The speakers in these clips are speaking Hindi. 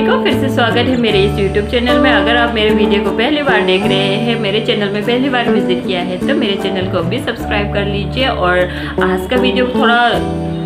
सभी को फिर से स्वागत है मेरे इस YouTube चैनल में अगर आप मेरे वीडियो को पहली बार देख रहे हैं मेरे चैनल में पहली बार विजिट किया है तो मेरे चैनल को भी सब्सक्राइब कर लीजिए और आज का वीडियो थोड़ा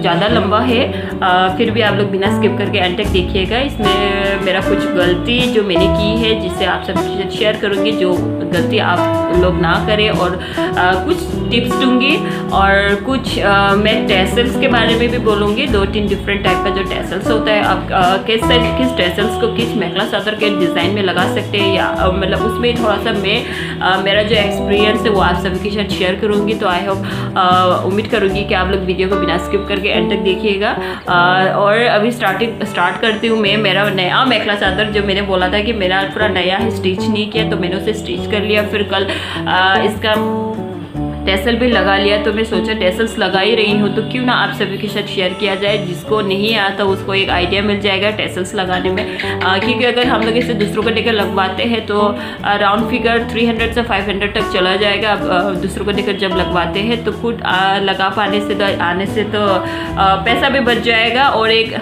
ज़्यादा लंबा है आ, फिर भी आप लोग बिना स्किप करके एंड तक देखिएगा इसमें मेरा कुछ गलती जो मैंने की है जिससे आप सब शेयर करूँगी जो गलती आप लोग ना करें और आ, कुछ टिप्स दूँगी और कुछ आ, मैं टेसल्स के बारे में भी बोलूँगी दो तीन डिफरेंट टाइप का जो टेसल्स होता है आप किस किस टेसल्स को किस मेखला सदर के डिज़ाइन में लगा सकते हैं या मतलब उसमें थोड़ा सा मैं मेरा जो एक्सपीरियंस है वो आप सभी के साथ शेयर करूँगी तो आई होप उम्मीद करूँगी कि आप लोग वीडियो को बिना स्किप करके एंड तक देखिएगा और अभी स्टार्टिंग स्टार्ट करती हूँ मैं मेरा नया मेखला चादर जो मैंने बोला था कि मेरा पूरा नया स्टिच नहीं किया तो मैंने उसे स्टिच कर लिया फिर कल आ, इसका टेसल भी लगा लिया तो मैं सोचा टेसल्स लगा ही रही हूँ तो क्यों ना आप सभी के साथ शेयर किया जाए जिसको नहीं आता उसको एक आइडिया मिल जाएगा टेसल्स लगाने में आ, क्योंकि अगर हम लोग इसे दूसरों को लेकर लगवाते हैं तो राउंड फिगर 300 से 500 तक चला जाएगा अब दूसरों को टिकट जब लगवाते हैं तो खुद लगा पाने से तो आने से तो आ, पैसा भी बच जाएगा और एक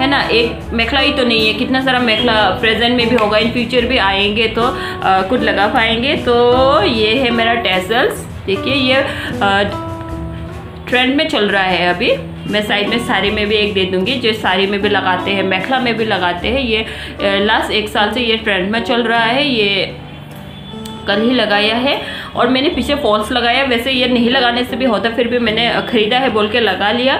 है ना एक मेखला ही तो नहीं है कितना सारा मेखला प्रेजेंट में भी होगा इन फ्यूचर भी आएंगे तो आ, कुछ लगा पाएंगे तो ये है मेरा टेसल्स देखिए ये ट्रेंड में चल रहा है अभी मैं साइड में साड़ी में भी एक दे दूंगी जो साड़ी में भी लगाते हैं मेखला में भी लगाते हैं ये लास्ट एक साल से ये ट्रेंड में चल रहा है ये कर ही लगाया है और मैंने पीछे फॉल्स लगाया वैसे ये नहीं लगाने से भी होता फिर भी मैंने ख़रीदा है बोल के लगा लिया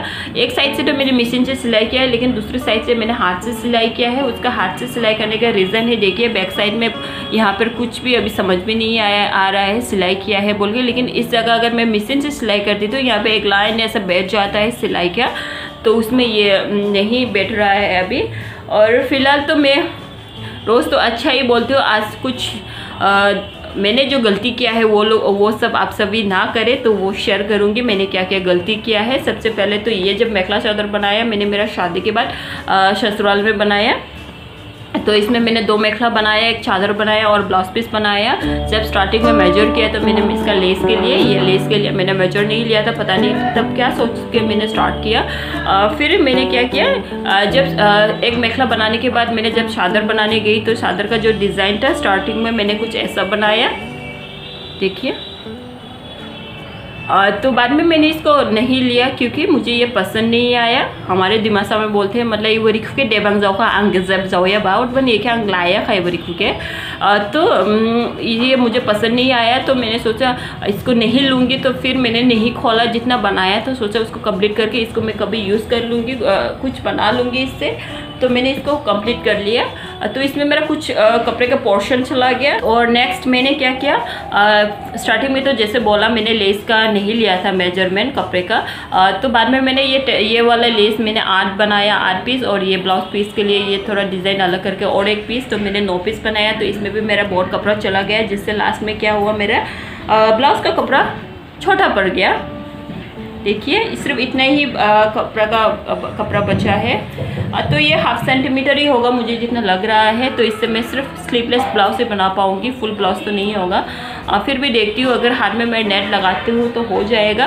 एक साइड से तो मैंने मशीन से सिलाई किया है लेकिन दूसरी साइड से मैंने हाथ से सिलाई किया है उसका हाथ से सिलाई करने का रीज़न है देखिए बैक साइड में यहाँ पर कुछ भी अभी समझ में नहीं आया आ रहा है सिलाई किया है बोल के लेकिन इस जगह अगर मैं मशीन से सिलाई करती तो यहाँ पर एक लाइन ऐसा बैठ जाता है सिलाई का तो उसमें ये नहीं बैठ रहा है अभी और फिलहाल तो मैं रोज़ तो अच्छा ही बोलती हूँ आज कुछ आ, मैंने जो गलती किया है वो लोग वो सब आप सभी ना करें तो वो शेयर करूँगी मैंने क्या क्या गलती किया है सबसे पहले तो ये जब मेखला चादर बनाया मैंने मेरा शादी के बाद ससुराल में बनाया तो इसमें मैंने दो मेखला बनाया एक चादर बनाया और ब्लाउज पीस बनाया जब स्टार्टिंग में मेजर किया तो मैंने इसका लेस के लिए ये लेस के लिए मैंने मेजर नहीं लिया था पता नहीं तब क्या सोच के मैंने स्टार्ट किया आ, फिर मैंने क्या किया आ, जब आ, एक मेखला बनाने के बाद मैंने जब चादर बनाने गई तो चादर का जो डिज़ाइन था स्टार्टिंग में मैंने कुछ ऐसा बनाया देखिए तो बाद में मैंने इसको नहीं लिया क्योंकि मुझे ये पसंद नहीं आया हमारे दिमाग में बोलते हैं मतलब इवर के डेबंग जाओ का अंग जब जाओ या बाउट बन एक अंग लाया खा इवर के तो ये मुझे पसंद नहीं आया तो मैंने सोचा इसको नहीं लूँगी तो फिर मैंने नहीं खोला जितना बनाया तो सोचा उसको कम्प्लीट करके इसको मैं कभी यूज़ कर लूँगी कुछ बना लूँगी इससे तो मैंने इसको कंप्लीट कर लिया तो इसमें मेरा कुछ कपड़े का पोर्शन चला गया और नेक्स्ट मैंने क्या किया स्टार्टिंग में तो जैसे बोला मैंने लेस का नहीं लिया था मेजरमेंट कपड़े का आ, तो बाद में मैंने ये ये वाला लेस मैंने आठ बनाया आठ पीस और ये ब्लाउज पीस के लिए ये थोड़ा डिज़ाइन अलग करके और एक पीस तो मैंने नौ पीस बनाया तो इसमें भी मेरा बहुत कपड़ा चला गया जिससे लास्ट में क्या हुआ मेरा ब्लाउज का कपड़ा छोटा पड़ गया देखिए सिर्फ इतना ही कपड़ा का कपड़ा बचा है तो ये हाफ सेंटीमीटर ही होगा मुझे जितना लग रहा है तो इससे मैं सिर्फ स्लीवलेस ब्लाउज ही बना पाऊँगी फुल ब्लाउज तो नहीं होगा फिर भी देखती हूँ अगर हाथ में मैं नेट लगाती हूँ तो हो जाएगा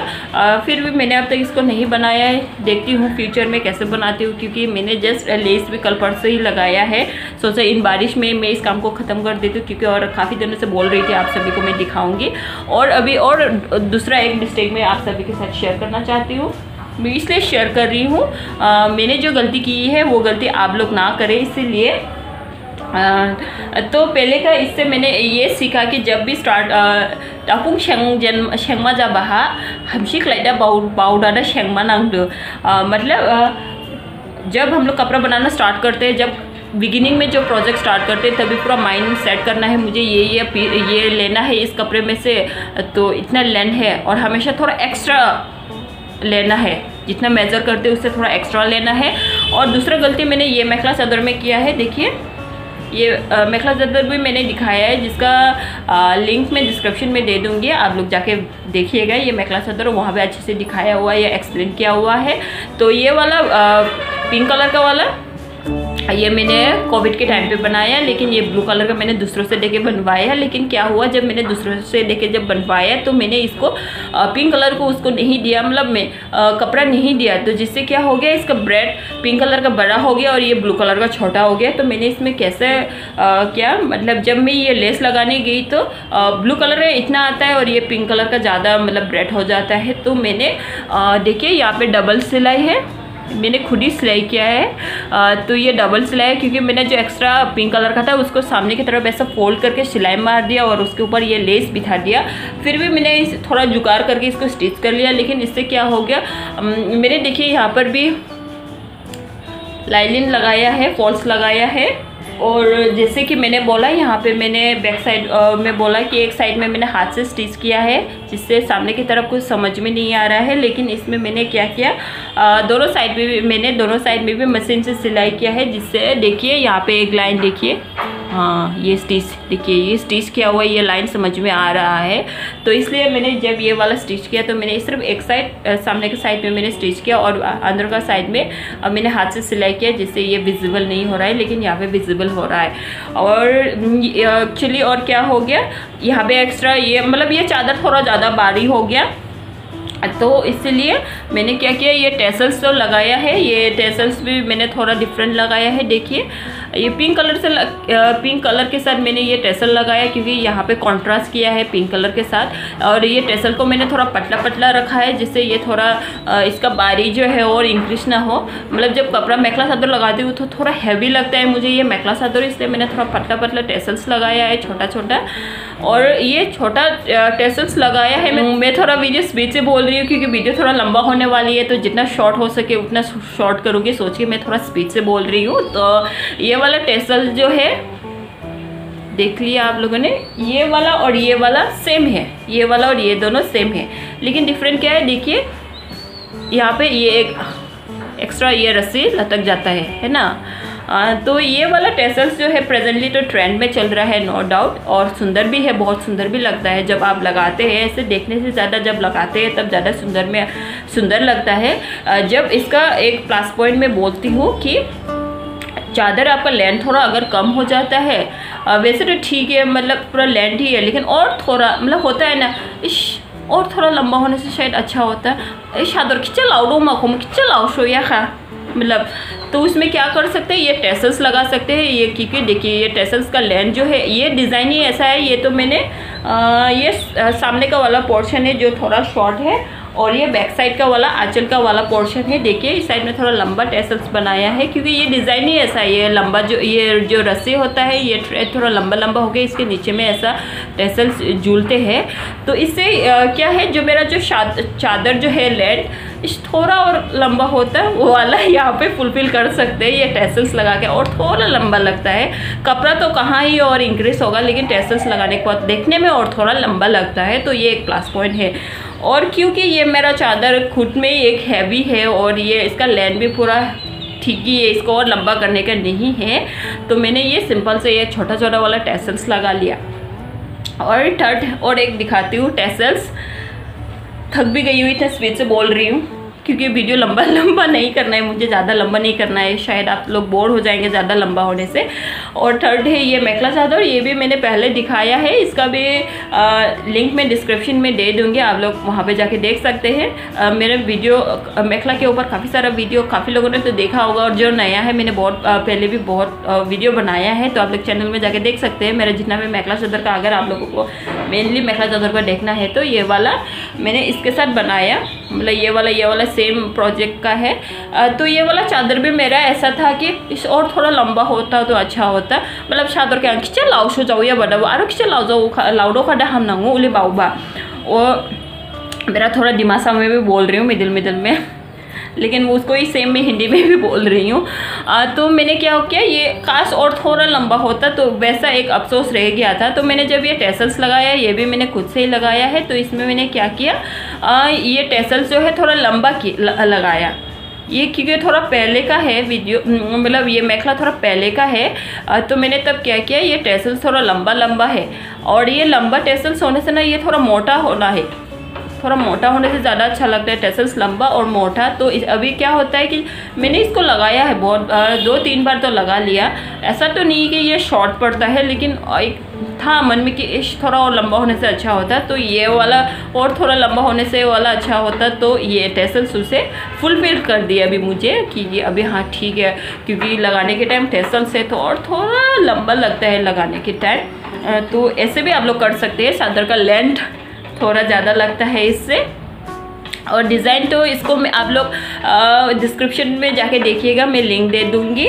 फिर भी मैंने अब तक इसको नहीं बनाया है देखती हूँ फ्यूचर में कैसे बनाती हूँ क्योंकि मैंने जस्ट लेस भी कल परसों ही लगाया है सोचा इन बारिश में मैं इस काम को ख़त्म कर देती हूँ क्योंकि और काफ़ी दिनों से बोल रही थी आप सभी को मैं दिखाऊँगी और अभी और दूसरा एक मिस्टेक मैं आप सभी के साथ शेयर करना चाहती हूँ मैं इसलिए शेयर कर रही हूँ मैंने जो गलती की है वो गलती आप लोग ना करें इसीलिए तो पहले का इससे मैंने ये सीखा कि जब भी स्टार्ट टापुंग शेंग जन शेंगमा जा बहा हमशी क्लाइडा बाउडाडा शेंगमा नांग मतलब जब हम लोग कपड़ा बनाना स्टार्ट करते हैं जब बिगिनिंग में जो प्रोजेक्ट स्टार्ट करते हैं तभी पूरा माइंड सेट करना है मुझे ये ये ये लेना है इस कपड़े में से तो इतना लेन है और हमेशा थोड़ा एक्स्ट्रा लेना है जितना मेज़र करते हैं उससे थोड़ा एक्स्ट्रा लेना है और दूसरा गलती मैंने ये मेखला सदर में किया है देखिए ये मेखला जदर भी मैंने दिखाया है जिसका आ, लिंक मैं डिस्क्रिप्शन में दे दूँगी आप लोग जाके देखिएगा ये मेखला सदर वहाँ पर अच्छे से दिखाया हुआ है या एक्सप्लेन किया हुआ है तो ये वाला आ, पिंक कलर का वाला हाँ, ये मैंने कोविड के टाइम पे बनाया है लेकिन ये ब्लू कलर का मैंने दूसरों से लेके बनवाया है लेकिन क्या हुआ जब मैंने दूसरों से लेके जब बनवाया तो मैंने इसको पिंक कलर को उसको नहीं दिया मतलब मैं कपड़ा नहीं दिया तो जिससे क्या हो गया इसका ब्रेड पिंक कलर का बड़ा हो गया और ये ब्लू कलर का छोटा हो गया तो मैंने इसमें कैसे आ, क्या मतलब जब मैं ये लेस लगाने गई तो आ, ब्लू कलर का इतना आता है और ये पिंक कलर का ज़्यादा मतलब ब्रेड हो जाता है तो मैंने देखिए यहाँ पर डबल सिलाई है मैंने खुद ही सिलाई किया है आ, तो ये डबल सिलाई है क्योंकि मैंने जो एक्स्ट्रा पिंक कलर का था उसको सामने की तरफ ऐसा फोल्ड करके सिलाई मार दिया और उसके ऊपर ये लेस बिठा दिया फिर भी मैंने इस थोड़ा जुगाड़ करके इसको स्टिच कर लिया लेकिन इससे क्या हो गया मैंने देखिए यहाँ पर भी लाइलिन लगाया है फॉल्स लगाया है और जैसे कि मैंने बोला यहाँ पे मैंने बैक साइड में बोला कि एक साइड में मैंने हाथ से स्टिच किया है जिससे सामने की तरफ कुछ समझ में नहीं आ रहा है लेकिन इसमें मैंने क्या किया आ, दोनों साइड में भी मैंने दोनों साइड में भी मशीन से सिलाई किया है जिससे देखिए यहाँ पे एक लाइन देखिए हाँ ये स्टिच देखिए ये स्टिच किया हुआ ये लाइन समझ में आ रहा है तो इसलिए मैंने जब ये वाला स्टिच किया तो मैंने सिर्फ एक साइड सामने के साइड में मैंने स्टिच किया और अंदर का साइड में अब मैंने हाथ से सिलाई किया जिससे ये विजिबल नहीं हो रहा है लेकिन यहाँ पे विजिबल हो रहा है और एक्चुअली और क्या हो गया यहाँ पे एक्स्ट्रा ये मतलब ये चादर थोड़ा ज़्यादा बारी हो गया तो इसलिए मैंने क्या किया ये टेसल्स तो लगाया है ये टेसल्स भी मैंने थोड़ा डिफरेंट लगाया है देखिए ये पिंक कलर से लग, पिंक कलर के साथ मैंने ये टेसल लगाया क्योंकि यहाँ पे कंट्रास्ट किया है पिंक कलर के साथ और ये टेसल को मैंने थोड़ा पतला पतला रखा है जिससे ये थोड़ा इसका बारी जो है और इंक्रीज ना हो मतलब जब कपड़ा मेखला चादर लगाती हूँ तो थोड़ा हैवी लगता है मुझे ये मेखला चादर इसलिए मैंने थोड़ा पतला पतला टेसल्स लगाया है छोटा छोटा और ये छोटा टेसल्स लगाया है मैं मैं थोड़ा वीडियो स्पीच से बोल रही हूँ क्योंकि वीडियो थोड़ा लंबा होने वाली है तो जितना शॉर्ट हो सके उतना शॉर्ट करूँगी सोच के मैं थोड़ा स्पीच से बोल रही हूँ तो ये वाला टेसल जो है देख लिया आप लोगों ने ये वाला और ये वाला सेम है ये वाला और ये दोनों सेम है लेकिन डिफरेंट क्या है देखिए यहाँ पे ये एक एक्स्ट्रा ये रस्सी लटक जाता है है ना आ, तो ये वाला टेसल्स जो है प्रेजेंटली तो ट्रेंड में चल रहा है नो no डाउट और सुंदर भी है बहुत सुंदर भी लगता है जब आप लगाते हैं ऐसे देखने से ज़्यादा जब लगाते हैं तब ज़्यादा सुंदर में सुंदर लगता है जब इसका एक प्लस पॉइंट मैं बोलती हूँ कि चादर आपका लेंथ थोड़ा अगर कम हो जाता है वैसे तो ठीक है मतलब पूरा लेंथ ही है लेकिन और थोड़ा मतलब होता है ना इश और थोड़ा लंबा होने से शायद अच्छा होता है इस चादर खिंचा लाओ रो मखो में खिंचा लाओ शोया खा मतलब तो उसमें क्या कर सकते हैं ये टेसल्स लगा सकते हैं ये क्योंकि देखिए ये टेसल्स का लेंथ जो है ये डिज़ाइन ही ऐसा है ये तो मैंने आ, ये सामने का वाला पोर्शन है जो थोड़ा शॉर्ट है और ये बैक साइड का वाला आंचल का वाला पोर्शन है देखिए इस साइड में थोड़ा लंबा टेसल्स बनाया है क्योंकि ये डिज़ाइन ही ऐसा है ये लंबा जो ये जो रस्सी होता है ये थोड़ा लंबा लंबा हो गया इसके नीचे में ऐसा टेसल्स झूलते हैं तो इससे क्या है जो मेरा जो चादर जो है लेंथ इस थोड़ा और लंबा होता है वो वाला यहाँ पे फुलफिल कर सकते हैं ये टेसल्स लगा के और थोड़ा लंबा लगता है कपड़ा तो कहाँ ही और इंक्रीज होगा लेकिन टेसल्स लगाने के बाद देखने में और थोड़ा लंबा लगता है तो ये एक प्लस पॉइंट है और क्योंकि ये मेरा चादर खुद में ही एक हैवी है और ये इसका लेंथ भी पूरा ठीक ही है इसको और लंबा करने का नहीं है तो मैंने ये सिंपल से ये छोटा छोटा वाला टेसल्स लगा लिया और थर्ड और एक दिखाती हूँ टेसल्स थक भी गई हुई थी स्पीड से बोल रही हूँ क्योंकि वीडियो लंबा लंबा नहीं करना है मुझे ज़्यादा लंबा नहीं करना है शायद आप लोग बोर हो जाएंगे ज़्यादा लंबा होने से और थर्ड है ये मेखला चादर ये भी मैंने पहले दिखाया है इसका भी आ, लिंक मैं डिस्क्रिप्शन में दे दूँगी आप लोग वहाँ पर जाके देख सकते हैं मेरे वीडियो मेखला के ऊपर काफ़ी सारा वीडियो काफ़ी लोगों ने तो देखा होगा और जो नया है मैंने बहुत पहले भी बहुत वीडियो बनाया है तो आप लोग चैनल में जाके देख सकते हैं मेरा जितना भी मेखला चादर का अगर आप लोगों को मेनली मेखला चादर का देखना है तो ये वाला मैंने इसके साथ बनाया मतलब ये वाला ये वाला सेम प्रोजेक्ट का है तो ये वाला चादर भी मेरा ऐसा था कि इस और थोड़ा लंबा होता तो अच्छा होता मतलब चादर के खींचे लाउ सो जाओ या बनाओ और खींचे लाओ जाओ लाउडो खादा हम नंगू उले बाऊबा और मेरा थोड़ा दिमाग में भी बोल रही हूँ मिडिल मिडिल में लेकिन वो उसको ही सेम मैं हिंदी में भी बोल रही हूँ तो मैंने क्या किया ये खास और थोड़ा लंबा होता तो वैसा एक अफसोस रह गया था तो मैंने जब ये टेसल्स लगाया ये भी मैंने खुद से ही लगाया है तो इसमें मैंने क्या किया आ, ये टेसल्स जो है थोड़ा लंबा लगाया ये क्योंकि थोड़ा पहले का है वीडियो मतलब ये मेखला थोड़ा पहले का है तो मैंने तब क्या किया ये टेसल्स थोड़ा लंबा लंबा है और ये लंबा टेसल्स होने से ना ये थोड़ा मोटा होना है थोड़ा मोटा होने से ज़्यादा अच्छा लगता है टेसल्स लंबा और मोटा तो अभी क्या होता है कि मैंने इसको लगाया है बहुत बार दो तीन बार तो लगा लिया ऐसा तो नहीं कि ये शॉर्ट पड़ता है लेकिन एक था मन में कि इश थोड़ा और लंबा होने से अच्छा होता तो ये वाला और थोड़ा लंबा होने से वाला अच्छा होता तो ये टेसल्स उसे फुलफिल कर दिया अभी मुझे कि ये अभी हाँ ठीक है क्योंकि लगाने के टाइम टेसल्स है तो और थोड़ा लंबा लगता है लगाने के टाइम तो ऐसे भी आप लोग कर सकते हैं चादर का लेंथ थोड़ा ज़्यादा लगता है इससे और डिज़ाइन तो इसको मैं आप लोग डिस्क्रिप्शन में जाके देखिएगा मैं लिंक दे दूँगी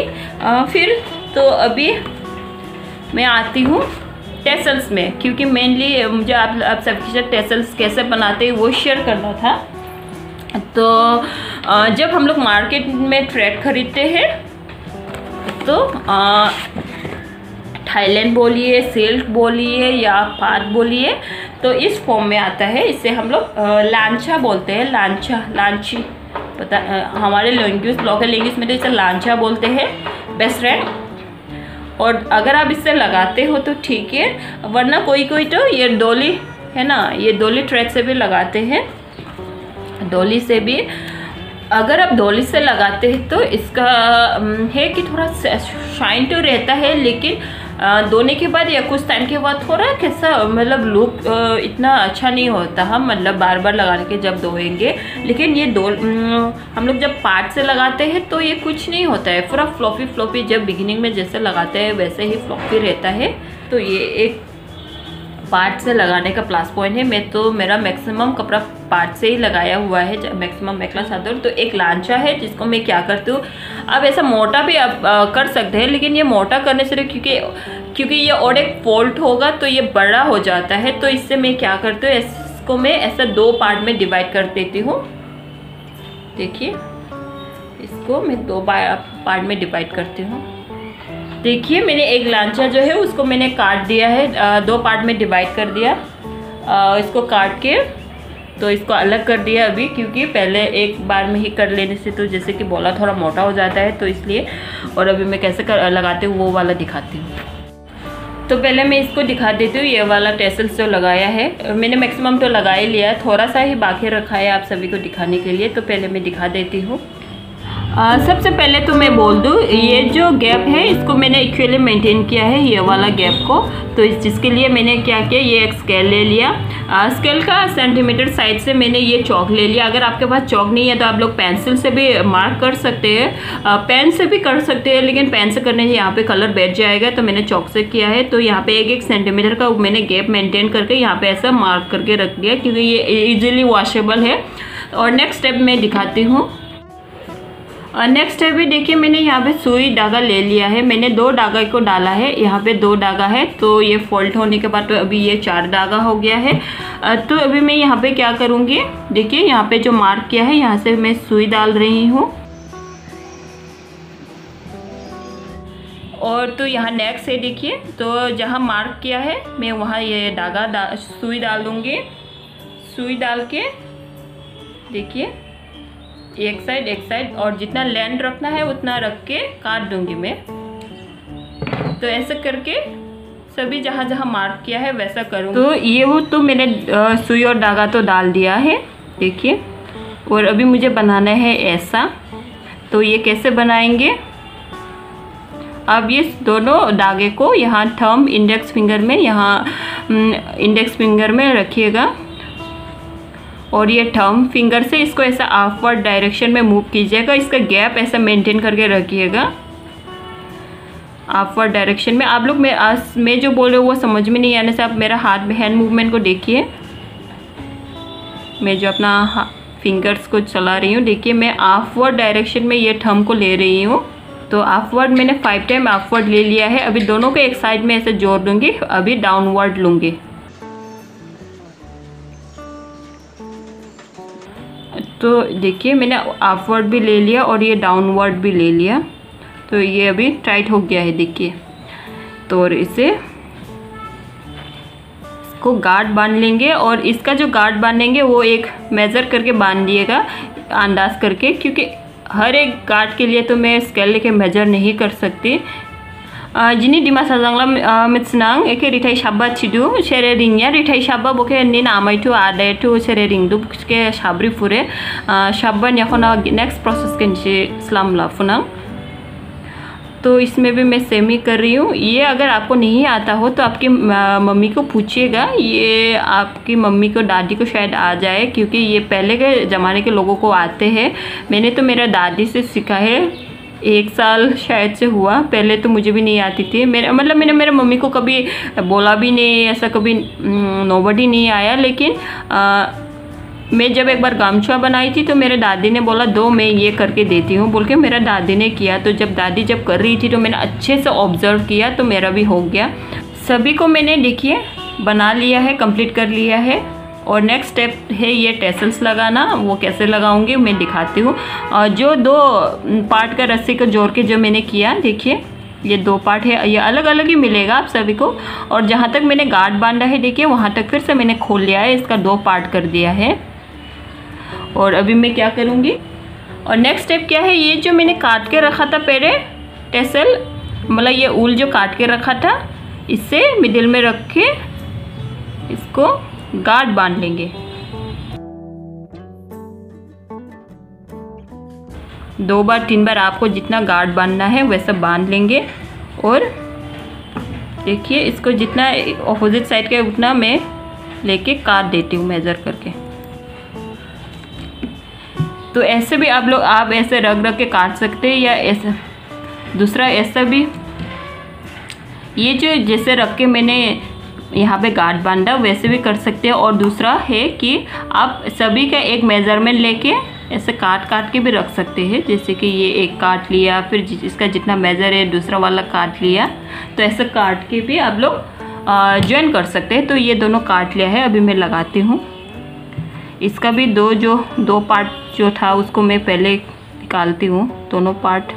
फिर तो अभी मैं आती हूँ टेसल्स में क्योंकि मेनली मुझे आप आप सबके साथ टेसल्स कैसे बनाते हैं वो शेयर करना था तो जब हम लोग मार्केट में ट्रैक खरीदते हैं तो थाईलैंड बोलिए सिल्क बोलिए या पात बोलिए तो इस फॉर्म में आता है इसे हम लोग लांछा बोलते हैं लांछा लांछी पता हमारे लैंग्वेज लोकल लैंग्वेज में तो इसे लांछा बोलते हैं बेस्ट फ्रेंड और अगर आप इसे लगाते हो तो ठीक है वरना कोई कोई तो ये डोली है ना ये डोली ट्रैक से भी लगाते हैं डोली से भी अगर आप डोली से लगाते हैं तो इसका है कि थोड़ा शाइन तो रहता है लेकिन धोने के बाद या कुछ टाइम के बाद थोड़ा कैसा मतलब लुक इतना अच्छा नहीं होता हम मतलब बार बार लगा के जब धोएंगे लेकिन ये दो हम लोग जब पार्ट से लगाते हैं तो ये कुछ नहीं होता है पूरा फ्लॉफी फ्लॉफी जब बिगिनिंग में जैसे लगाते हैं वैसे ही फ्लॉफी रहता है तो ये एक पार्ट से लगाने का प्लास पॉइंट है मैं तो मेरा मैक्सिमम कपड़ा पार्ट से ही लगाया हुआ है मैक्सिमम मैकला चादर तो एक लांचा है जिसको मैं क्या करती हूँ अब ऐसा मोटा भी आप आ, कर सकते हैं लेकिन ये मोटा करने से क्योंकि क्योंकि ये और एक फॉल्ट होगा तो ये बड़ा हो जाता है तो इससे मैं क्या करती हूँ इसको मैं ऐसा दो पार्ट में डिवाइड कर देती हूँ देखिए इसको मैं दो पार्ट में डिवाइड करती हूँ देखिए मैंने एक लांचा जो है उसको मैंने काट दिया है दो पार्ट में डिवाइड कर दिया इसको काट के तो इसको अलग कर दिया अभी क्योंकि पहले एक बार में ही कर लेने से तो जैसे कि बोला थोड़ा मोटा हो जाता है तो इसलिए और अभी मैं कैसे कर लगाती हूँ वो वाला दिखाती हूँ तो पहले मैं इसको दिखा देती हूँ ये वाला टेसल्स जो लगाया है मैंने मैक्सिमम तो लगा ही लिया थोड़ा सा ही बाकी रखा है आप सभी को दिखाने के लिए तो पहले मैं दिखा देती हूँ आ, सबसे पहले तो मैं बोल दूँ ये जो गैप है इसको मैंने एक्चुअली मेंटेन किया है ये वाला गैप को तो इस जिसके लिए मैंने क्या किया ये एक स्केल ले लिया आ, स्केल का सेंटीमीटर साइज से मैंने ये चौक ले लिया अगर आपके पास चौक नहीं है तो आप लोग पेंसिल से भी मार्क कर सकते हैं पेन से भी कर सकते हैं लेकिन पेन से करने से यहाँ पर कलर बैठ जाएगा तो मैंने चौक से किया है तो यहाँ पर एक एक सेंटीमीटर का मैंने गैप मेंटेन करके यहाँ पे ऐसा मार्क करके रख दिया क्योंकि ये ईजिली वॉशेबल है और नेक्स्ट स्टेप मैं दिखाती हूँ नेक्स्ट है भी देखिए मैंने यहाँ पे सुई धागा ले लिया है मैंने दो डागा को डाला है यहाँ पे दो डागा है तो ये फॉल्ट होने के बाद तो अभी ये चार डागा हो गया है तो अभी मैं यहाँ पे क्या करूँगी देखिए यहाँ पे जो मार्क किया है यहाँ से मैं सुई डाल रही हूँ और तो यहाँ नेक्स्ट है देखिए तो जहाँ मार्क किया है मैं वहाँ ये डागा दा, सुई डाल दूँगी सुई डाल के देखिए एक साइड एक साइड और जितना लैंड रखना है उतना रख के काट दूंगी मैं तो ऐसा करके सभी जहाँ जहाँ मार्क किया है वैसा करूँ तो ये वो तो मैंने सुई और धागा तो डाल दिया है देखिए और अभी मुझे बनाना है ऐसा तो ये कैसे बनाएंगे अब ये दोनों धागे को यहाँ थम इंडेक्स फिंगर में यहाँ इंडेक्स हम्म, फिंगर में रखिएगा और ये थम फिंगर से इसको ऐसा आफवर्ड डायरेक्शन में मूव कीजिएगा इसका गैप ऐसा मेंटेन करके रखिएगा आफवर्ड डायरेक्शन में आप लोग मैं आज मैं जो बोल रहे हो वो समझ में नहीं आने से आप मेरा हाथ हैंड मूवमेंट को देखिए मैं जो अपना फिंगर्स को चला रही हूँ देखिए मैं आफवर्ड डायरेक्शन में ये थम को ले रही हूँ तो आफवर्ड मैंने फाइव टाइम आफवर्ड ले लिया है अभी दोनों को एक साइड में ऐसे जोड़ दूँगी अभी डाउनवर्ड लूँगी तो देखिए मैंने अपवर्ड भी ले लिया और ये डाउनवर्ड भी ले लिया तो ये अभी टाइट हो गया है देखिए तो और इसे इसको गार्ड बांध लेंगे और इसका जो गार्ड बांधेंगे वो एक मेज़र करके बांध दिएगा अंदाज करके क्योंकि हर एक गार्ड के लिए तो मैं स्केल लेके मेजर नहीं कर सकती जिनी डिमा सजांगला मिथनां एके रिथाय साब्बा थिदु सेरे रिंया रिथाय साब्बा बके नि नामायथु आदायथु सेरे रिंदु के साब्रि फुरे साब्बा न्याखना नेक्स्ट प्रोसेस के नीचे स्लाम लाफुनां तो इसमें भी मैं सेम ही कर रही हूँ ये अगर आपको नहीं आता हो तो आपकी ah, मम्मी को पूछिएगा ये आपकी मम्मी को दादी को शायद आ जाए क्योंकि ये पहले के ज़माने के लोगों को आते हैं मैंने तो मेरा दादी से सीखा है एक साल शायद से हुआ पहले तो मुझे भी नहीं आती थी मेरे मतलब मैंने मेरे मम्मी को कभी बोला भी नहीं ऐसा कभी नोबडी हम्म, नहीं आया लेकिन आ, मैं जब एक बार गामछुआ बनाई थी तो मेरे दादी ने बोला दो मैं ये करके देती हूँ बोल के मेरा दादी ने किया तो जब दादी जब कर रही थी तो मैंने अच्छे से ऑब्जर्व किया तो मेरा भी हो गया सभी को मैंने देखिए बना लिया है कंप्लीट कर लिया है और नेक्स्ट स्टेप है ये टेसल्स लगाना वो कैसे लगाऊंगी मैं दिखाती हूँ जो दो पार्ट का रस्सी को जोड़ के जो मैंने किया देखिए ये दो पार्ट है ये अलग अलग ही मिलेगा आप सभी को और जहाँ तक मैंने गार्ड बांधा है देखिए वहाँ तक फिर से मैंने खोल लिया है इसका दो पार्ट कर दिया है और अभी मैं क्या करूँगी और नेक्स्ट स्टेप क्या है ये जो मैंने काट के रखा था पहले टेसल मतलब ये ऊल जो काट के रखा था इससे मिडिल में रख के इसको गार्ड बांध लेंगे दो बार तीन बार आपको जितना गार्ड बांधना है वैसा बांध लेंगे और देखिए इसको जितना अपोजिट साइड का उतना मैं लेके काट देती हूँ मेज़र करके तो ऐसे भी आप लोग आप ऐसे रख रख के काट सकते हैं या ऐसे दूसरा ऐसा भी ये जो जैसे रख के मैंने यहाँ पे गार्ड बांधा वैसे भी कर सकते हैं और दूसरा है कि आप सभी का एक मेज़रमेंट लेके ऐसे काट काट के भी रख सकते हैं जैसे कि ये एक काट लिया फिर इसका जितना मेज़र है दूसरा वाला काट लिया तो ऐसे काट के भी आप लोग ज्वाइन कर सकते हैं तो ये दोनों काट लिया है अभी मैं लगाती हूँ इसका भी दो जो दो पार्ट जो था उसको मैं पहले निकालती हूँ दोनों पार्ट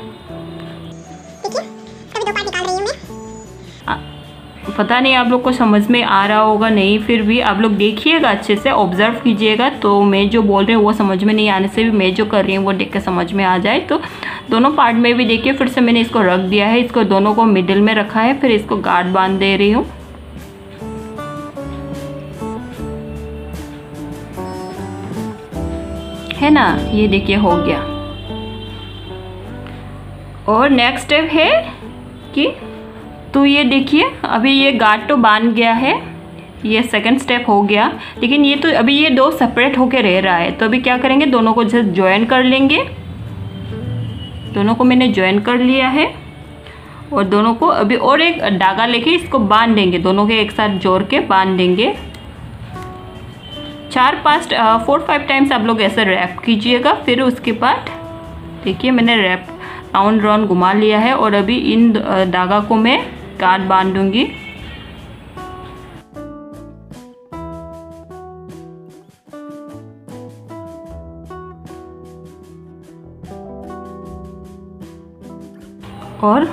पता नहीं आप लोग को समझ में आ रहा होगा नहीं फिर भी आप लोग देखिएगा अच्छे से ऑब्जर्व कीजिएगा तो मैं जो बोल रही हूँ वो समझ में नहीं आने से भी मैं जो कर रही हूँ वो देख के समझ में आ जाए तो दोनों पार्ट में भी देखिए फिर से मैंने इसको रख दिया है इसको दोनों को मिडिल में रखा है फिर इसको गार्ड बांध दे रही हूँ है ना ये देखिए हो गया और नेक्स्ट स्टेप है कि तो ये देखिए अभी ये गार्ड तो बांध गया है ये सेकंड स्टेप हो गया लेकिन ये तो अभी ये दो सेपरेट होके रह रहा है तो अभी क्या करेंगे दोनों को जस्ट ज्वाइन कर लेंगे दोनों को मैंने ज्वाइन कर लिया है और दोनों को अभी और एक डागा लेके इसको बांध देंगे दोनों के एक साथ जोड़ के बांध देंगे चार पाँच फोर फाइव टाइम्स आप लोग ऐसे रैप कीजिएगा फिर उसके बाद देखिए मैंने रैप राउंड राउंड घुमा लिया है और अभी इन धागा को मैं काट बांध दूंगी और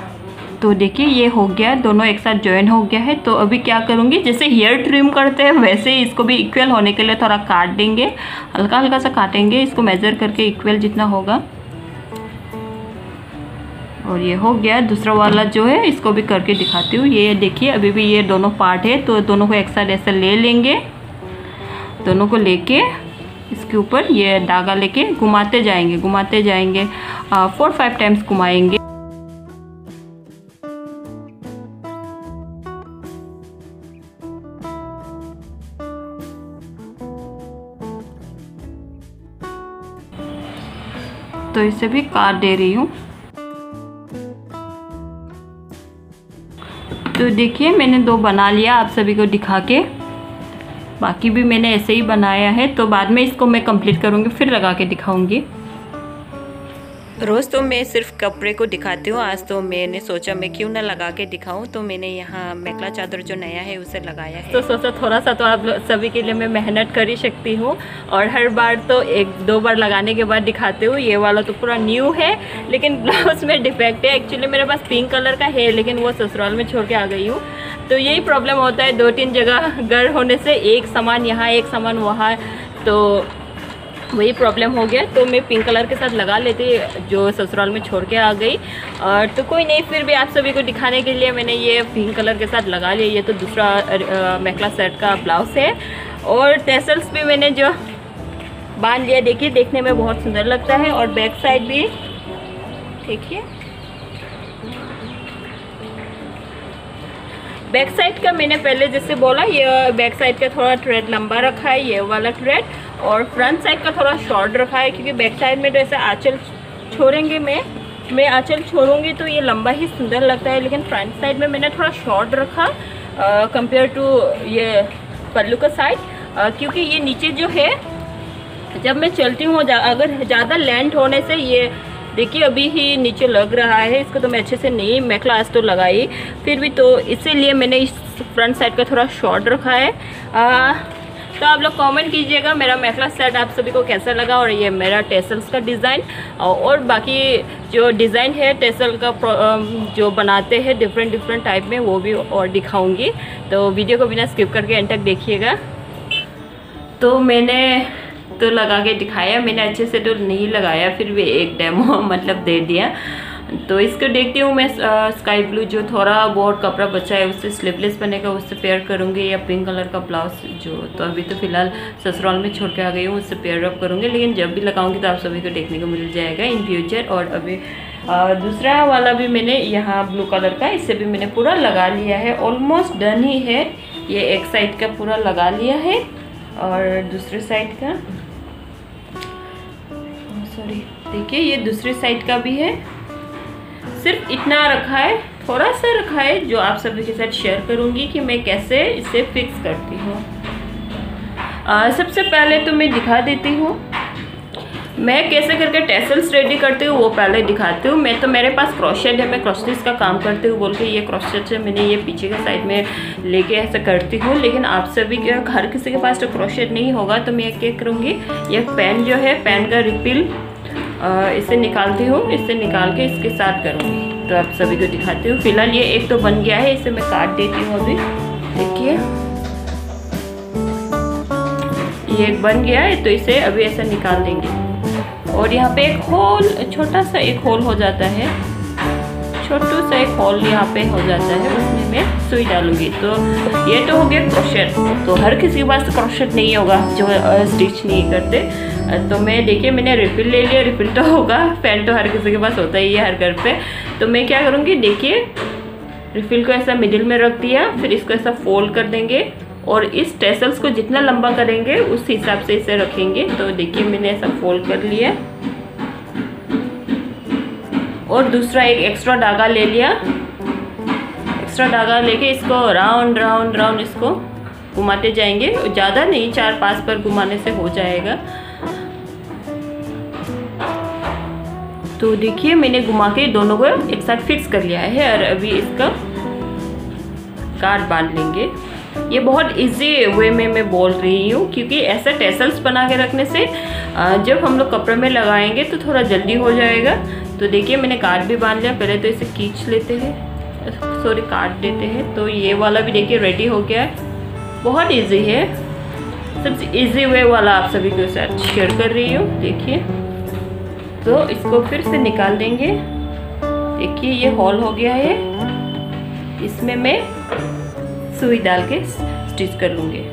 तो देखिए ये हो गया दोनों एक साथ ज्वाइन हो गया है तो अभी क्या करूँगी जैसे हेयर ट्रिम करते हैं वैसे ही इसको भी इक्वल होने के लिए थोड़ा काट देंगे हल्का हल्का सा काटेंगे इसको मेज़र करके इक्वल जितना होगा और ये हो गया दूसरा वाला जो है इसको भी करके दिखाती हूँ ये देखिए अभी भी ये दोनों पार्ट है तो दोनों को एक साथ ऐसा ले लेंगे दोनों को लेके इसके ऊपर ये धागा लेके घुमाते जाएंगे घुमाते जाएंगे फोर फाइव टाइम्स घुमाएंगे तो इसे भी काट दे रही हूँ तो देखिए मैंने दो बना लिया आप सभी को दिखा के बाकी भी मैंने ऐसे ही बनाया है तो बाद में इसको मैं कंप्लीट करूँगी फिर लगा के दिखाऊँगी रोज़ तो मैं सिर्फ कपड़े को दिखाती हूँ आज तो मैंने सोचा मैं क्यों ना लगा के दिखाऊँ तो मैंने यहाँ मेकला चादर जो नया है उसे लगाया है तो सोचा थोड़ा सा तो आप सभी के लिए मैं मेहनत कर ही सकती हूँ और हर बार तो एक दो बार लगाने के बाद दिखाती हूँ ये वाला तो पूरा न्यू है लेकिन ब्लाउज में डिफेक्ट है एक्चुअली मेरे पास पिंक कलर का है लेकिन वो ससुराल में छोड़ के आ गई हूँ तो यही प्रॉब्लम होता है दो तीन जगह घर होने से एक सामान यहाँ एक सामान वहाँ तो वही प्रॉब्लम हो गया तो मैं पिंक कलर के साथ लगा लेती जो ससुराल में छोड़ के आ गई और तो कोई नहीं फिर भी आप सभी को दिखाने के लिए मैंने ये पिंक कलर के साथ लगा लिया ये तो दूसरा मेखला सेट का ब्लाउज है और टेसल्स भी मैंने जो बांध लिया देखिए देखने में बहुत सुंदर लगता है और बैक साइड भी देखिए बैक साइड का मैंने पहले जैसे बोला ये बैक साइड का थोड़ा थ्रेड लंबा रखा है ये वाला थ्रेड और फ्रंट साइड का थोड़ा शॉर्ट रखा है क्योंकि बैक साइड में तो ऐसे आँचल छोड़ेंगे मैं मैं आँचल छोड़ूंगी तो ये लंबा ही सुंदर लगता है लेकिन फ्रंट साइड में मैंने थोड़ा शॉर्ट रखा कंपेयर टू ये पल्लू का साइड क्योंकि ये नीचे जो है जब मैं चलती हूँ अगर ज़्यादा लेंथ होने से ये देखिए अभी ही नीचे लग रहा है इसको तो मैं अच्छे से नहीं मैं क्लास तो लगाई फिर भी तो इसीलिए मैंने इस फ्रंट साइड का थोड़ा शॉर्ट रखा है आ, तो आप लोग कमेंट कीजिएगा मेरा मेखला सेट आप सभी को कैसा लगा और ये मेरा टेसल्स का डिज़ाइन और बाकी जो डिज़ाइन है टेसल का जो बनाते हैं डिफरेंट डिफरेंट टाइप में वो भी और दिखाऊंगी तो वीडियो को बिना स्किप करके एंड तक देखिएगा तो मैंने तो लगा के दिखाया मैंने अच्छे से तो नहीं लगाया फिर भी एक डेमो मतलब दे दिया तो इसको देखती हूँ मैं स्काई ब्लू जो थोड़ा बहुत कपड़ा बचा है उससे स्लीवलेस बनेगा उससे पेयर करूँगी या पिंक कलर का ब्लाउज जो तो अभी तो फिलहाल ससुराल में छोड़ के आ गई हूँ उससे पेयर अप करूँगी लेकिन जब भी लगाऊँगी तो आप सभी को देखने को मिल जाएगा इन फ्यूचर और अभी आ, दूसरा वाला भी मैंने यहाँ ब्लू कलर का इससे भी मैंने पूरा लगा लिया है ऑलमोस्ट डन ही है ये एक साइड का पूरा लगा लिया है और दूसरे साइड का सॉरी देखिए ये दूसरे साइड का भी है सिर्फ इतना रखा है थोड़ा सा रखा है जो आप सभी के साथ शेयर करूंगी कि मैं कैसे इसे फिक्स करती हूँ सबसे पहले तो मैं दिखा देती हूँ मैं कैसे करके टेसल्स रेडी करती हूँ वो पहले दिखाती हूँ मैं तो मेरे पास क्रोशेड है मैं क्रोशेज का काम करती हूँ बोल के ये क्रोशेड से मैंने ये पीछे के साइड में लेके ऐसा करती हूँ लेकिन आप सभी के हर किसी के पास तो क्रोशेड नहीं होगा तो मैं क्या करूँगी ये पेन जो है पेन का रिपिल इसे निकालती हूँ इससे निकाल के इसके साथ करूँगी तो आप सभी को दिखाती हूँ फिलहाल ये एक तो बन गया है इसे मैं काट देती हूँ अभी देखिए ये एक बन गया है तो इसे अभी ऐसा निकाल देंगे और यहाँ पे एक होल छोटा सा एक होल हो जाता है छोटू सा एक होल यहाँ पे हो जाता है उसमें मैं सुई डालूंगी तो ये तो हो गया क्रोशेट तो हर किसी के पास तो क्रोशेट नहीं होगा जो स्टिच नहीं करते तो मैं देखिए मैंने रिफिल ले लिया रिफिल तो होगा फ़ैन तो हर किसी के पास होता ही है हर घर पे तो मैं क्या करूँगी देखिए रिफिल को ऐसा मिडिल में रख दिया फिर इसको ऐसा फोल्ड कर देंगे और इस टेसल्स को जितना लंबा करेंगे उस हिसाब से इसे रखेंगे तो देखिए मैंने ऐसा फोल्ड कर लिया और दूसरा एक एक्स्ट्रा धागा ले लिया एक्स्ट्रा धागा लेके इसको राउंड राउंड राउंड इसको घुमाते जाएंगे ज़्यादा नहीं चार पाँच पर घुमाने से हो जाएगा तो देखिए मैंने घुमा के दोनों को एक साथ फिक्स कर लिया है और अभी इसका कार बांध लेंगे ये बहुत इजी वे में मैं बोल रही हूँ क्योंकि ऐसा टेसल्स बना के रखने से जब हम लोग कपड़े में लगाएंगे तो थोड़ा जल्दी हो जाएगा तो देखिए मैंने काट भी बांध लिया पहले तो इसे खींच लेते हैं सॉरी काट देते हैं तो ये वाला भी देखिए रेडी हो गया है बहुत इजी है सबसे इजी वे वाला आप सभी के साथ शेयर कर रही हूँ देखिए तो इसको फिर से निकाल देंगे देखिए ये हॉल हो गया है इसमें मैं सुई डाल के स्टिच कर लूँगी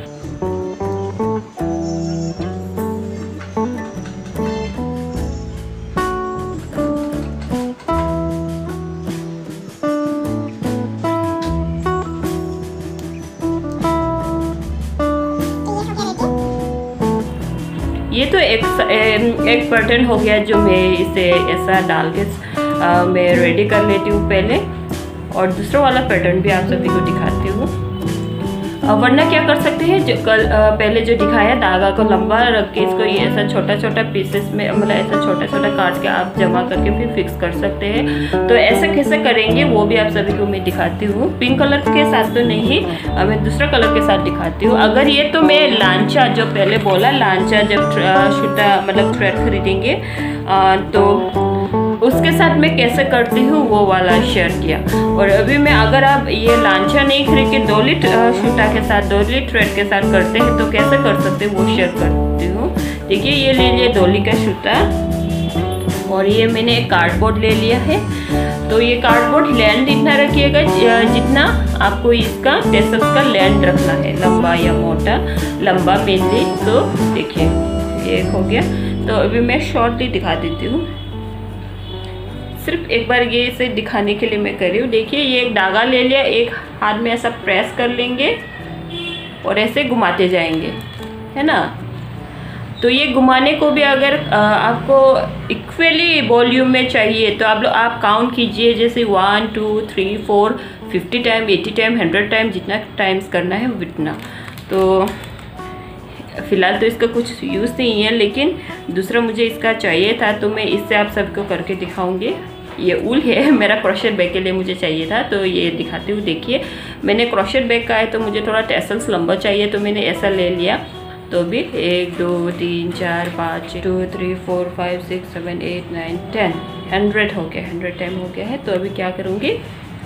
एक बर्टन हो गया जो मैं इसे ऐसा डाल के मैं रेडी कर लेती हूँ पहले और दूसरा वाला पैटर्न भी आप सभी को दिखाती हूँ वरना क्या कर सकते हैं जो कल पहले जो दिखाया धागा को लंबा रख के इसको ये ऐसा छोटा छोटा पीसेस में मतलब ऐसा छोटा छोटा काट के आप जमा करके फिर फिक्स कर सकते हैं तो ऐसा कैसे करेंगे वो भी आप सभी को मैं दिखाती हूँ पिंक कलर के साथ तो नहीं मैं दूसरा कलर के साथ दिखाती हूँ अगर ये तो मैं लांचा जो पहले बोला लांचा जब छोटा मतलब थ्रेड खरीदेंगे तो उसके साथ मैं कैसे करती हूँ वो वाला शेयर किया और अभी मैं अगर आप ये लांचा नहीं खरीद के दो लीट सूटा के साथ दो लीट थ्रेड के साथ करते हैं तो कैसे कर सकते हैं वो शेयर करती हूँ देखिए ये ले लिया डोली का शूटा और ये मैंने एक कार्डबोर्ड ले लिया है तो ये कार्डबोर्ड लैंड इतना रखिएगा जितना आपको इसका टेसस का लैंड रखना है लंबा या मोटा लंबा मेनली तो देखिए एक हो गया तो अभी मैं शॉर्टली दिखा देती हूँ सिर्फ एक बार ये इसे दिखाने के लिए मैं कर रही हूँ देखिए ये एक धागा ले लिया एक हाथ में ऐसा प्रेस कर लेंगे और ऐसे घुमाते जाएंगे है ना तो ये घुमाने को भी अगर आपको इक्वली वॉल्यूम में चाहिए तो आप लोग आप काउंट कीजिए जैसे one two three four fifty time eighty time hundred time जितना टाइम्स करना है उतना तो फ़िलहाल तो इसका कुछ यूज़ नहीं है लेकिन दूसरा मुझे इसका चाहिए था तो मैं इससे आप सबको करके दिखाऊंगी ये उल है मेरा क्रोशर बैग के लिए मुझे चाहिए था तो ये दिखाती हूँ देखिए मैंने क्रोशर बैग का है तो मुझे थोड़ा टेसल्स लंबा चाहिए तो मैंने ऐसा ले लिया तो भी एक दो तीन चार पाँच two three four five six seven eight nine ten hundred हो गया हंड्रेड टाइम हो गया है तो अभी क्या करूँगी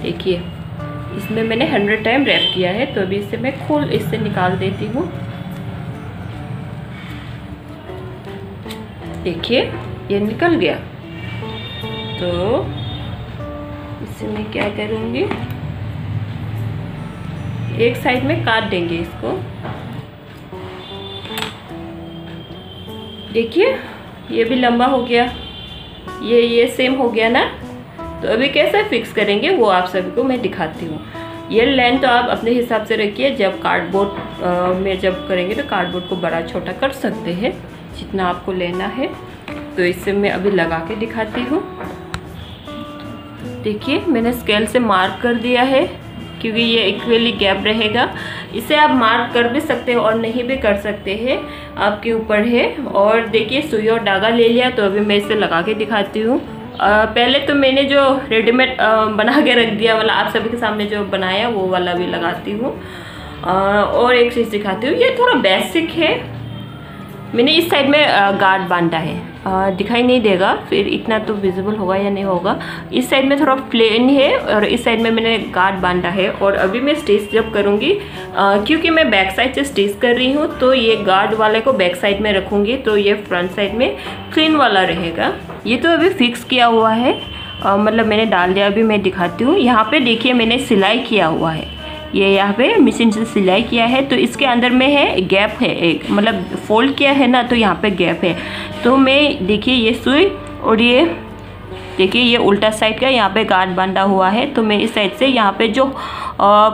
देखिए इसमें मैंने हंड्रेड टाइम रैप किया है तो अभी इसे मैं खोल इससे निकाल देती हूँ देखिए ये निकल गया तो इसे मैं क्या करूँगी एक साइड में काट देंगे इसको देखिए ये भी लंबा हो गया ये ये सेम हो गया ना तो अभी कैसे फिक्स करेंगे वो आप सभी को मैं दिखाती हूँ ये लेंथ तो आप अपने हिसाब से रखिए जब कार्डबोर्ड में जब करेंगे तो कार्डबोर्ड को बड़ा छोटा कर सकते हैं जितना आपको लेना है तो इसे मैं अभी लगा के दिखाती हूँ देखिए मैंने स्केल से मार्क कर दिया है क्योंकि ये इक्वली गैप रहेगा इसे आप मार्क कर भी सकते हो और नहीं भी कर सकते हैं आपके ऊपर है और देखिए सुई और डागा ले लिया तो अभी मैं इसे लगा के दिखाती हूँ पहले तो मैंने जो रेडीमेड बना के रख दिया वाला आप सभी के सामने जो बनाया वो वाला भी लगाती हूँ और एक चीज़ दिखाती हूँ ये थोड़ा बेसिक है मैंने इस साइड में गार्ड बांधा है दिखाई नहीं देगा फिर इतना तो विजिबल होगा या नहीं होगा इस साइड में थोड़ा प्लेन है और इस साइड में मैंने गार्ड बांधा है और अभी मैं स्टिच जब करूँगी क्योंकि मैं बैक साइड से स्टिच कर रही हूँ तो ये गार्ड वाले को बैक साइड में रखूँगी तो ये फ्रंट साइड में क्लीन वाला रहेगा ये तो अभी फिक्स किया हुआ है मतलब मैंने डाल दिया अभी मैं दिखाती हूँ यहाँ पर देखिए मैंने सिलाई किया हुआ है ये यहाँ पे मशीन से सिलाई किया है तो इसके अंदर में है गैप है एक मतलब फोल्ड किया है ना तो यहाँ पे गैप है तो मैं देखिए ये सुई और ये देखिए ये उल्टा साइड का यहाँ पे गार्ड बांधा हुआ है तो मैं इस साइड से यहाँ पे जो आ,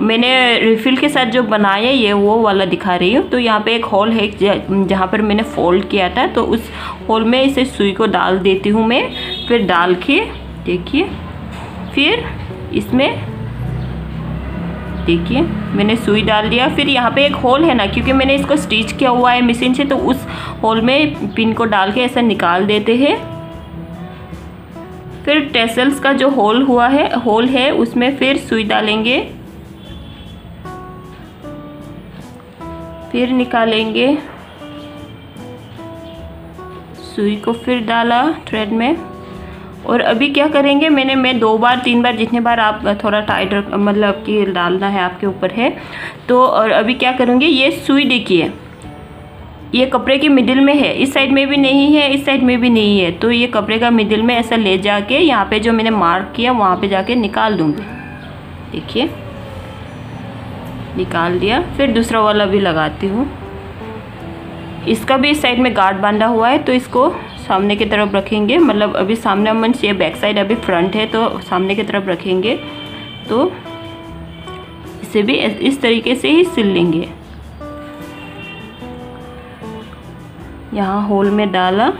मैंने रिफिल के साथ जो बनाया ये वो वाला दिखा रही हूँ तो यहाँ पे एक होल है जहाँ पर मैंने फोल्ड किया था तो उस होल में इसे सुई को डाल देती हूँ मैं फिर डाल के देखिए फिर इसमें देखिए मैंने सुई डाल दिया फिर यहाँ पे एक होल है ना क्योंकि मैंने इसको स्टिच किया हुआ है मशीन से तो उस होल में पिन को डाल के ऐसा निकाल देते हैं फिर टेसल्स का जो होल हुआ है होल है उसमें फिर सुई डालेंगे फिर निकालेंगे सुई को फिर डाला थ्रेड में और अभी क्या करेंगे मैंने मैं दो बार तीन बार जितने बार आप थोड़ा टाइट मतलब कि डालना है आपके ऊपर है तो और अभी क्या करूँगी ये सुई देखिए ये कपड़े के मिडिल में है इस साइड में भी नहीं है इस साइड में भी नहीं है तो ये कपड़े का मिडिल में ऐसा ले जाके यहाँ पे जो मैंने मार्क किया वहाँ पे जाके निकाल दूँगी देखिए निकाल दिया फिर दूसरा वाला भी लगाती हूँ इसका भी इस साइड में गार्ड बांधा हुआ है तो इसको सामने की तरफ रखेंगे मतलब अभी सामने मंच ये बैक साइड अभी फ्रंट है तो सामने की तरफ रखेंगे तो इसे भी इस तरीके से ही सिल लेंगे यहाँ होल में डाला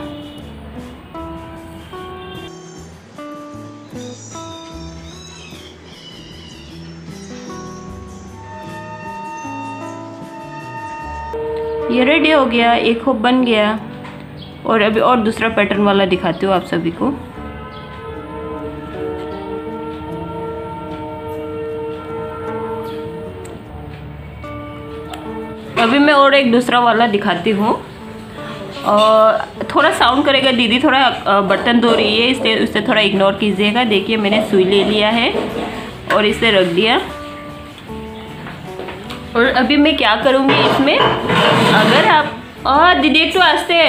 ये रेडी हो गया एक होप बन गया और अभी और दूसरा पैटर्न वाला दिखाती हूँ आप सभी को अभी मैं और एक दूसरा वाला दिखाती हूँ और थोड़ा साउंड करेगा दीदी थोड़ा बर्तन धो रही है इसलिए उससे थोड़ा इग्नोर कीजिएगा देखिए मैंने सुई ले लिया है और इसे रख दिया और अभी मैं क्या करूँगी इसमें अगर आप और दीदी तो आस्ते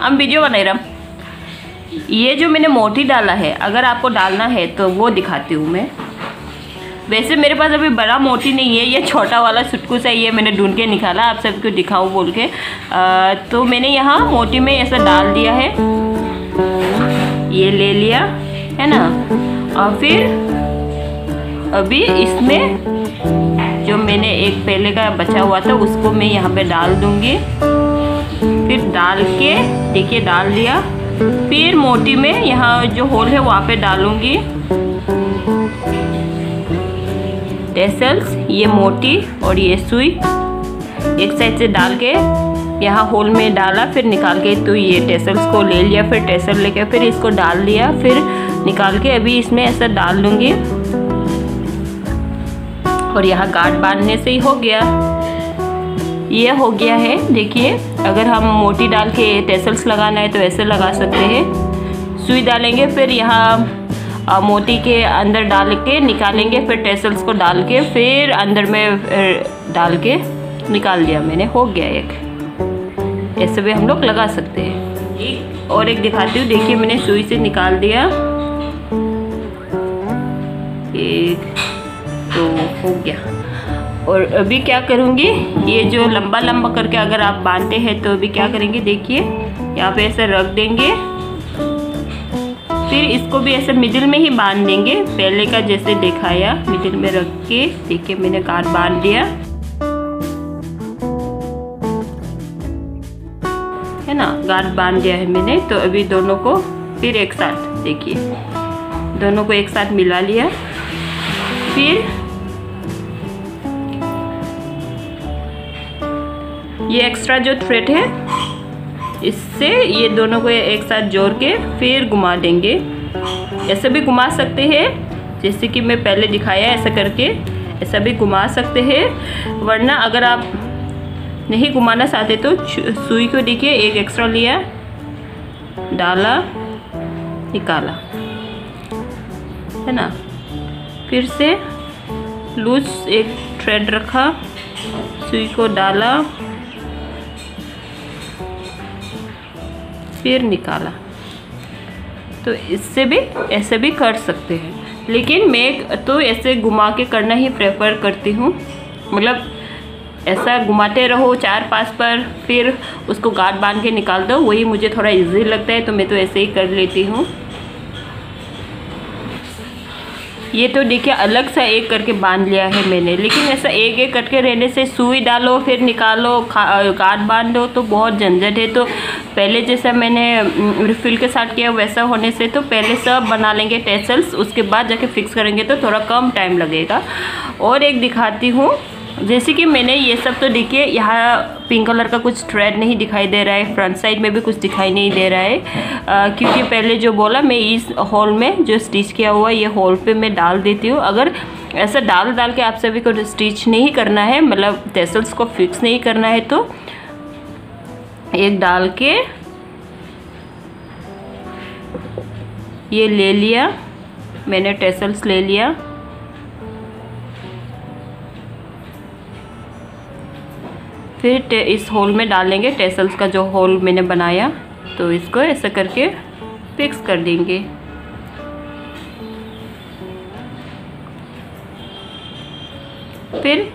हम वीडियो बना रहे ये जो मैंने मोटी डाला है अगर आपको डालना है तो वो दिखाती हूँ मैं वैसे मेरे पास अभी बड़ा मोटी नहीं है ये छोटा वाला सुटकू सा ही है मैंने ढूंढ के निकाला आप सबको दिखाऊँ बोल के आ, तो मैंने यहाँ मोटी में ऐसा डाल दिया है ये ले लिया है ना और फिर अभी इसमें जो मैंने एक पहले का बचा हुआ था उसको मैं यहाँ पे डाल दूँगी डाल के देखिए डाल दिया फिर मोटी में यहाँ जो होल है वहाँ पे डालूंगी टेसल्स ये मोटी और ये सुई एक साइड से डाल के यहाँ होल में डाला फिर निकाल के तो ये टेसल्स को ले लिया फिर टेसल लेके फिर इसको डाल दिया फिर निकाल के अभी इसमें ऐसा डाल लूँगी और यहाँ गांठ बांधने से ही हो गया ये हो गया है देखिए अगर हम मोटी डाल के टेसल्स लगाना है तो ऐसे लगा सकते हैं सुई डालेंगे फिर यहाँ मोती के अंदर डाल के निकालेंगे फिर टेसल्स को डाल के फिर अंदर में डाल के निकाल दिया मैंने हो गया एक ऐसे भी हम लोग लगा सकते हैं एक और एक दिखाती हूँ देखिए मैंने सुई से निकाल दिया एक तो हो गया और अभी क्या करूँगी ये जो लंबा लंबा करके अगर आप बांधते हैं तो अभी क्या करेंगे देखिए यहाँ पे ऐसे रख देंगे फिर इसको भी ऐसे मिडिल में ही बांध देंगे पहले का जैसे दिखाया मिडिल में रख के देखिए मैंने कार बांध दिया है ना गार बांध दिया है मैंने तो अभी दोनों को फिर एक साथ देखिए दोनों को एक साथ मिला लिया फिर ये एक्स्ट्रा जो थ्रेड है इससे ये दोनों को एक साथ जोड़ के फिर घुमा देंगे ऐसे भी घुमा सकते हैं जैसे कि मैं पहले दिखाया ऐसा करके ऐसा भी घुमा सकते हैं वरना अगर आप नहीं घुमाना चाहते तो सुई को देखिए एक एक्स्ट्रा लिया डाला निकाला है ना फिर से लूज एक थ्रेड रखा सुई को डाला फिर निकाला तो इससे भी ऐसे भी कर सकते हैं लेकिन मैं तो ऐसे घुमा के करना ही प्रेफर करती हूँ मतलब ऐसा घुमाते रहो चार पास पर फिर उसको गाँट बांध के निकाल दो वही मुझे थोड़ा इजी लगता है तो मैं तो ऐसे ही कर लेती हूँ ये तो देखिए अलग सा एक करके बांध लिया है मैंने लेकिन ऐसा एक एक करके रहने से सुई डालो फिर निकालो काट बांध दो तो बहुत झंझट है तो पहले जैसा मैंने रिफिल के साथ किया वैसा होने से तो पहले सब बना लेंगे टेसल्स उसके बाद जाके फिक्स करेंगे तो थोड़ा कम टाइम लगेगा और एक दिखाती हूँ जैसे कि मैंने ये सब तो देखिए यहाँ पिंक कलर का कुछ थ्रेड नहीं दिखाई दे रहा है फ्रंट साइड में भी कुछ दिखाई नहीं दे रहा है आ, क्योंकि पहले जो बोला मैं इस हॉल में जो स्टिच किया हुआ ये हॉल पे मैं डाल देती हूँ अगर ऐसा डाल डाल के आप सभी को स्टिच नहीं करना है मतलब टेसल्स को फिक्स नहीं करना है तो एक डाल के ये ले लिया मैंने टेसल्स ले लिया फिर इस होल में डालेंगे टेसल्स का जो होल मैंने बनाया तो इसको ऐसा करके फिक्स कर देंगे फिर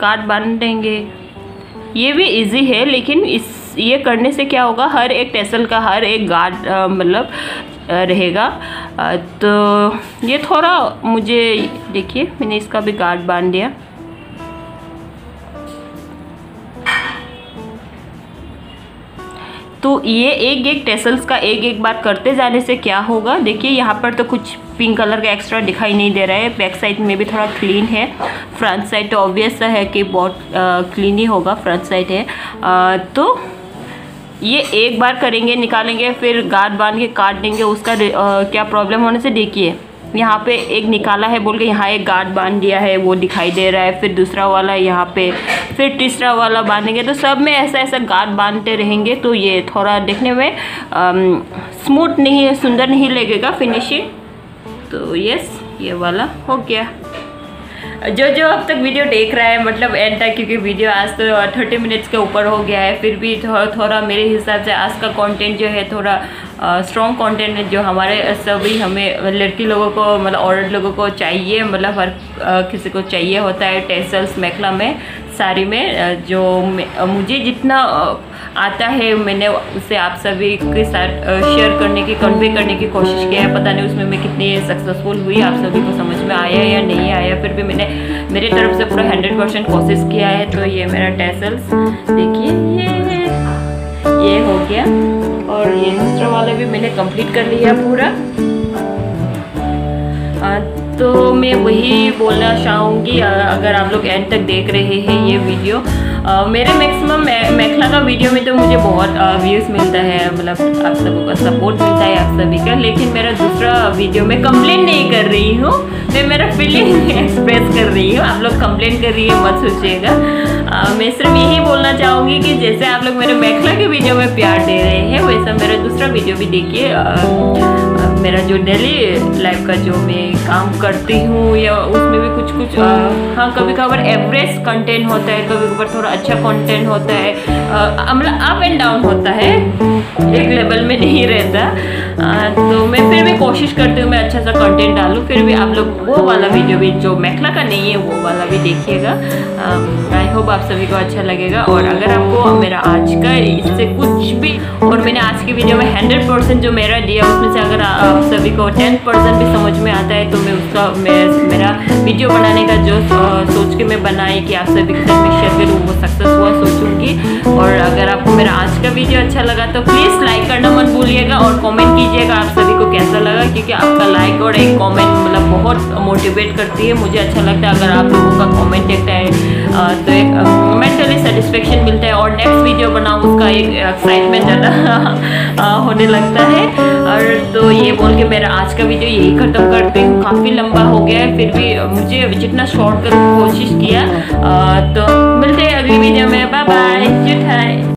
काट बांध देंगे ये भी इजी है लेकिन इस ये करने से क्या होगा हर एक टेसल का हर एक गार्ड मतलब रहेगा तो ये थोड़ा मुझे देखिए मैंने इसका भी गार्ड बांध दिया तो ये एक एक टेसल्स का एक एक बार करते जाने से क्या होगा देखिए यहाँ पर तो कुछ पिंक कलर का एक्स्ट्रा दिखाई नहीं दे रहा है बैक साइड में भी थोड़ा क्लीन है फ्रंट साइड तो ऑब्वियस है कि बहुत क्लीन ही होगा फ्रंट साइड है आ, तो ये एक बार करेंगे निकालेंगे फिर गार्ड बांध के काट देंगे उसका आ, क्या प्रॉब्लम होने से देखिए यहाँ पे एक निकाला है बोल के यहाँ एक गार्ड बांध दिया है वो दिखाई दे रहा है फिर दूसरा वाला यहाँ पे फिर तीसरा वाला बांधेंगे तो सब में ऐसा ऐसा गार्ड बांधते रहेंगे तो ये थोड़ा देखने में स्मूथ नहीं सुंदर नहीं लगेगा फिनिशिंग तो यस ये वाला हो गया जो जो अब तक वीडियो देख रहा है मतलब एंड तक क्योंकि वीडियो आज तो थर्टी मिनट्स के ऊपर हो गया है फिर भी थोड़ा थोड़ा मेरे हिसाब से आज का कंटेंट जो है थोड़ा स्ट्रॉन्ग कंटेंट है जो हमारे सभी हमें लड़की लोगों को मतलब औरत लोगों को चाहिए मतलब हर किसी को चाहिए होता है टेसल्स मेखला में साड़ी में जो मुझे जितना आता है मैंने उसे आप सभी के साथ शेयर करने की कन्वे करने की कोशिश किया है पता नहीं उसमें मैं कितनी सक्सेसफुल हुई आप सभी को समझ में आया या नहीं आया फिर भी मैंने मेरे तरफ से पूरा हंड्रेड परसेंट कोशिश किया है तो ये मेरा टेसल्स देखिए ये ये हो गया और ये दूसरा वाला भी मैंने कंप्लीट कर लिया पूरा आ, तो मैं वही बोलना चाहूँगी अगर आप लोग एंड तक देख रहे हैं ये वीडियो मेरे मैक्सिमम मेखला का वीडियो में तो मुझे बहुत व्यूज़ मिलता है मतलब आप सबों का सपोर्ट मिलता है आप सभी का लेकिन मेरा दूसरा वीडियो में कंप्लेन नहीं कर रही हूँ मैं मेरा फीलिंग एक्सप्रेस कर रही हूँ आप लोग कंप्लेन कर रही है मत सोचिएगा मैं सिर्फ यही बोलना चाहूँगी कि जैसे आप लोग मेरे मेखला के वीडियो में प्यार दे रहे हैं वैसा मेरा दूसरा वीडियो भी देखिए मेरा जो डेली लाइफ का जो मैं काम करती हूँ या उसमें भी कुछ कुछ हाँ कभी कभार एवरेज कंटेंट होता है कभी कभार थोड़ा अच्छा कंटेंट होता है मतलब अप एंड डाउन होता है एक लेवल में नहीं रहता हाँ, तो मैं फिर भी कोशिश करती हूँ मैं अच्छा सा कंटेंट डालूँ फिर भी आप लोग वो वाला वीडियो भी जो मैखला का नहीं है वो वाला भी देखिएगा आई होप आप सभी को अच्छा लगेगा और अगर आपको मेरा आज का इससे कुछ भी और मैंने आज की वीडियो में हंड्रेड परसेंट जो मेरा दिया उसमें से अगर आप सभी को टेन परसेंट भी समझ में आता है तो मैं उसका मैं, मेरा वीडियो बनाने का जो सोच के मैं बनाई कि आप सभी के भी शेयर करूँ वो सक्सेस हुआ सोचूंगी और अगर आपको मेरा आज का वीडियो अच्छा लगा तो प्लीज़ लाइक करना मत भूलिएगा और कॉमेंट कीजिए कीजिएगा आप सभी को कैसा लगा क्योंकि आपका लाइक और एक कमेंट मतलब बहुत मोटिवेट करती है मुझे अच्छा लगता है अगर आप लोगों का कमेंट देखता है तो एक मेंटली सेटिस्फेक्शन मिलता है और नेक्स्ट वीडियो बनाओ उसका एक एक्साइटमेंट ज़्यादा होने लगता है और तो ये बोल के मेरा आज का वीडियो यही ख़त्म करती हूँ काफ़ी लंबा हो गया है फिर भी मुझे जितना शॉर्ट कर कोशिश किया तो मिलते हैं अगली वीडियो में बाय बाय